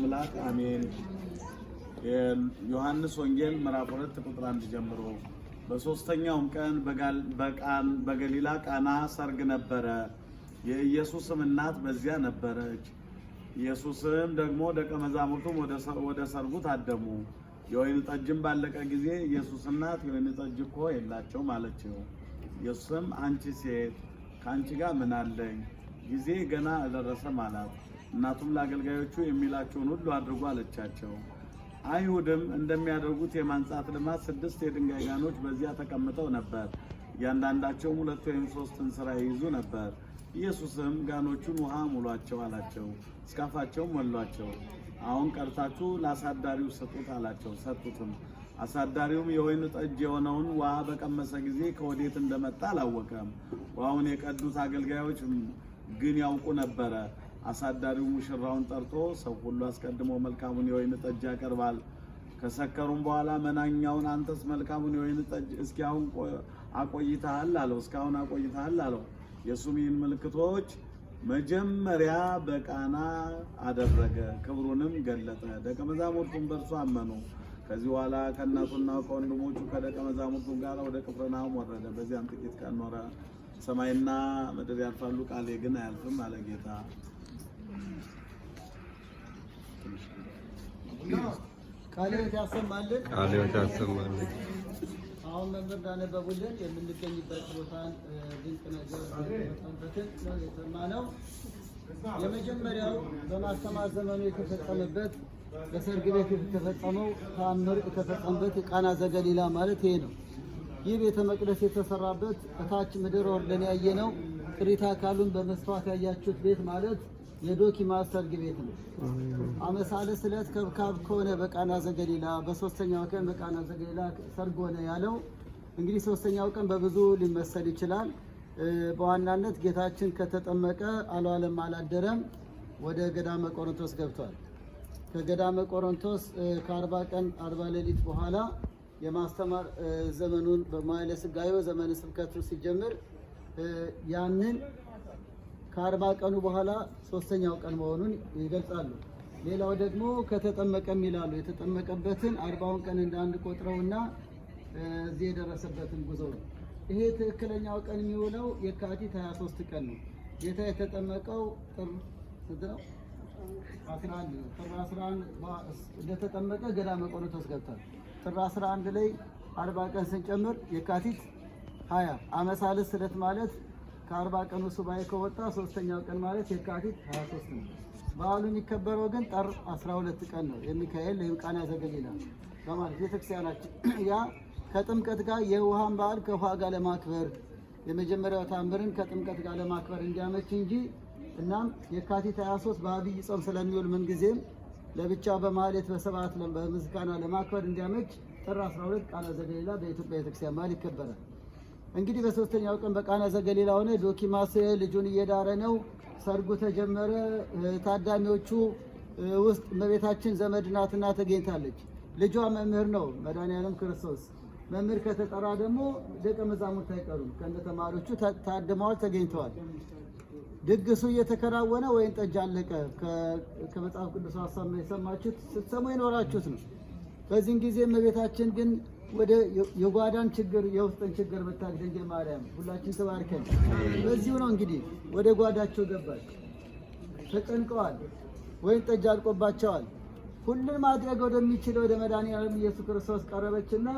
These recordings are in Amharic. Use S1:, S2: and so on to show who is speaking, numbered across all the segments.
S1: አምላክ አሜን። የዮሐንስ ወንጌል ምዕራፍ 2 ቁጥር 1 ጀምሮ በሶስተኛውም ቀን በገሊላ ቃና ሰርግ ነበረ። የኢየሱስም እናት በዚያ ነበረች። ኢየሱስም ደግሞ ደቀ መዛሙርቱም ወደ ሰርጉ ታደሙ። የወይን ጠጅም ባለቀ ጊዜ ኢየሱስ እናት የወይን ጠጅ እኮ የላቸው ማለችው። ኢየሱስም አንቺ ሴት ከአንቺ ጋር ምን አለኝ? ጊዜ ገና አልደረሰም አላት። እናቱም ለአገልጋዮቹ የሚላቸውን ሁሉ አድርጎ አለቻቸው። አይሁድም እንደሚያደርጉት የማንጻት ልማት ስድስት የድንጋይ ጋኖች በዚያ ተቀምጠው ነበር። እያንዳንዳቸውም ሁለት ወይም ሶስት እንስራ ይይዙ ነበር። ኢየሱስም ጋኖቹን ውሃ ሙሏቸው አላቸው። እስካፋቸውም ሞሏቸው። አሁን ቀርታችሁ ለአሳዳሪው ስጡት አላቸው። ሰጡትም። አሳዳሪውም የወይን ጠጅ የሆነውን ውሃ በቀመሰ ጊዜ ከወዴት እንደመጣ አላወቀም። ውሃውን የቀዱት አገልጋዮች ግን ያውቁ ነበረ። አሳዳሪው ሙሽራውን ጠርቶ ሰው ሁሉ አስቀድሞ መልካሙን የወይን ጠጅ ያቀርባል። ከሰከሩም በኋላ መናኛውን አንተስ መልካሙን የወይን ጠጅ እስኪያሁን አቆይተሃል አለው። እስካሁን አቆይተሃል አለው። የእሱም ይህን ምልክቶች መጀመሪያ በቃና አደረገ፣ ክብሩንም ገለጠ። ደቀ መዛሙርቱም በእርሱ አመኑ። ከዚህ በኋላ ከእናቱና ከወንድሞቹ ከደቀ መዛሙርቱ ጋር ወደ ቅፍርናሆም ወረደ። በዚያም ጥቂት ቀን ኖረ። ሰማይና ምድር ያልፋሉ፣ ቃሌ ግን አያልፍም አለ ጌታ።
S2: ቃለ ሕይወት ያሰማልን።
S3: ቃለ ያሰማልን።
S2: አሁን መምህር እንዳነበቡልን የምንገኝበት ቦታን ድንቅ ነገር በትን ነው የሰማነው። የመጀመሪያው በማስተማር ዘመኑ የተፈጸመበት በሰርግ ቤት የተፈጸመው ተአምር የተፈጸመበት ቃና ዘገሊላ ማለት ይሄ ነው። ይህ ቤተ መቅደስ የተሰራበት እታች ምድር ወርደን ያየ ነው። ቅሪተ አካሉን በመስተዋት ያያችሁት ቤት ማለት የዶኪ ማስተርግ ቤት ነው። አመሳለ ስለት ከብካብ ከሆነ በቃና ዘገሊላ በሶስተኛው ቀን በቃና ዘገሊላ ሰርግ ሆነ ያለው እንግዲህ ሶስተኛው ቀን በብዙ ሊመሰል ይችላል። በዋናነት ጌታችን ከተጠመቀ አልዋለም አላደረም፣ ወደ ገዳመ ቆሮንቶስ ገብቷል። ከገዳመ ቆሮንቶስ ከአርባ ቀን አርባ ሌሊት በኋላ የማስተማር ዘመኑን በማይለ ስጋዮ ዘመን ስብከቱ ሲጀምር ያንን ከአርባ ቀኑ በኋላ ሶስተኛው ቀን መሆኑን ይገልጻሉ። ሌላው ደግሞ ከተጠመቀም ይላሉ። የተጠመቀበትን አርባውን ቀን እንደ አንድ ቆጥረውና እዚህ የደረሰበትን ጉዞ ነው። ይሄ ትክክለኛው ቀን የሚውለው የካቲት 23 ቀን ነው። ጌታ የተጠመቀው ጥር 11 ነው። ጥር 11 እንደተጠመቀ ገዳመ ቆሮንቶስ ገብቷል። ጥር 11 ላይ 40 ቀን ስንጨምር የካቲት 20 አመሳልስ ስለት ማለት ከአርባ ቀኑ ሱባኤ ከወጣ ሶስተኛው ቀን ማለት የካቲት 23 ነው። በዓሉ የሚከበረው ግን ጥር 12 ቀን ነው። የሚካኤል ለህምቃና ዘገሊላ በማለት ቤተክርስቲያናችን ያ ከጥምቀት ጋር የውሃን በዓል ከውሃ ጋር ለማክበር የመጀመሪያው ታምርን ከጥምቀት ጋር ለማክበር እንዲያመች እንጂ እናም የካቲት 23 በአብይ ጾም ስለሚውል ምንጊዜም ለብቻ በማለት በሰባት በምስጋና ለማክበር እንዲያመች ጥር 12 ቃለ ዘገሊላ በኢትዮጵያ ቤተክርስቲያን በዓል ይከበራል። እንግዲህ በሶስተኛው ቀን በቃና ዘገሊላ ሆነ። ዶኪማስ ልጁን እየዳረ ነው። ሰርጉ ተጀመረ። ታዳሚዎቹ ውስጥ እመቤታችን ዘመድ ናትና ተገኝታለች። ልጇ መምህር ነው መድኃኒዓለም ክርስቶስ። መምህር ከተጠራ ደግሞ ደቀ መዛሙርት አይቀሩም። ከእነ ተማሪዎቹ ታድመዋል፣ ተገኝተዋል። ድግሱ እየተከናወነ ወይን ጠጅ አለቀ። ከመጽሐፍ ቅዱስ ሀሳብ የሰማችሁት ስትሰሙ የኖራችሁት ነው። በዚህን ጊዜ እመቤታችን ግን ወደ የጓዳን ችግር የውስጥን ችግር ብታክ ድንግል ማርያም ሁላችን ተባርከን። በዚሁ ነው እንግዲህ ወደ ጓዳቸው ገባች። ተጨንቀዋል፣ ወይን ጠጅ አልቆባቸዋል። ሁሉን ማድረግ ወደሚችለው ወደ መድኃኒዓለም ኢየሱስ ክርስቶስ ቀረበችና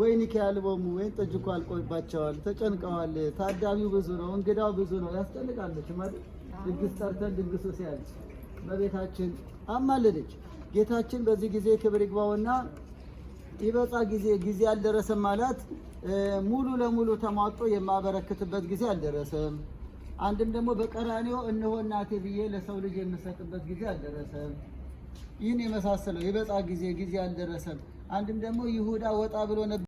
S2: ወይንኪ ያልቦሙ ወይን ጠጅ እኮ አልቆባቸዋል፣ ተጨንቀዋል። ታዳሚው ብዙ ነው፣ እንግዳው ብዙ ነው። ያስጨንቃለች ማለት ድግስ ጠርተን ድግሱ ሲያልች በቤታችን አማለደች። ጌታችን በዚህ ጊዜ ክብር ይግባውና ኢበፃ ጊዜ ጊዜ አልደረሰም ማለት ሙሉ ለሙሉ ተሟጦ የማበረክትበት ጊዜ አልደረሰም። አንድም ደግሞ በቀራኔው እነሆ እናቴ ብዬ ለሰው ልጅ የምሰጥበት ጊዜ አልደረሰም። ይህን የመሳሰለው የበፃ ጊዜ ጊዜ አልደረሰም። አንድም ደግሞ ይሁዳ ወጣ ብሎ ነበር።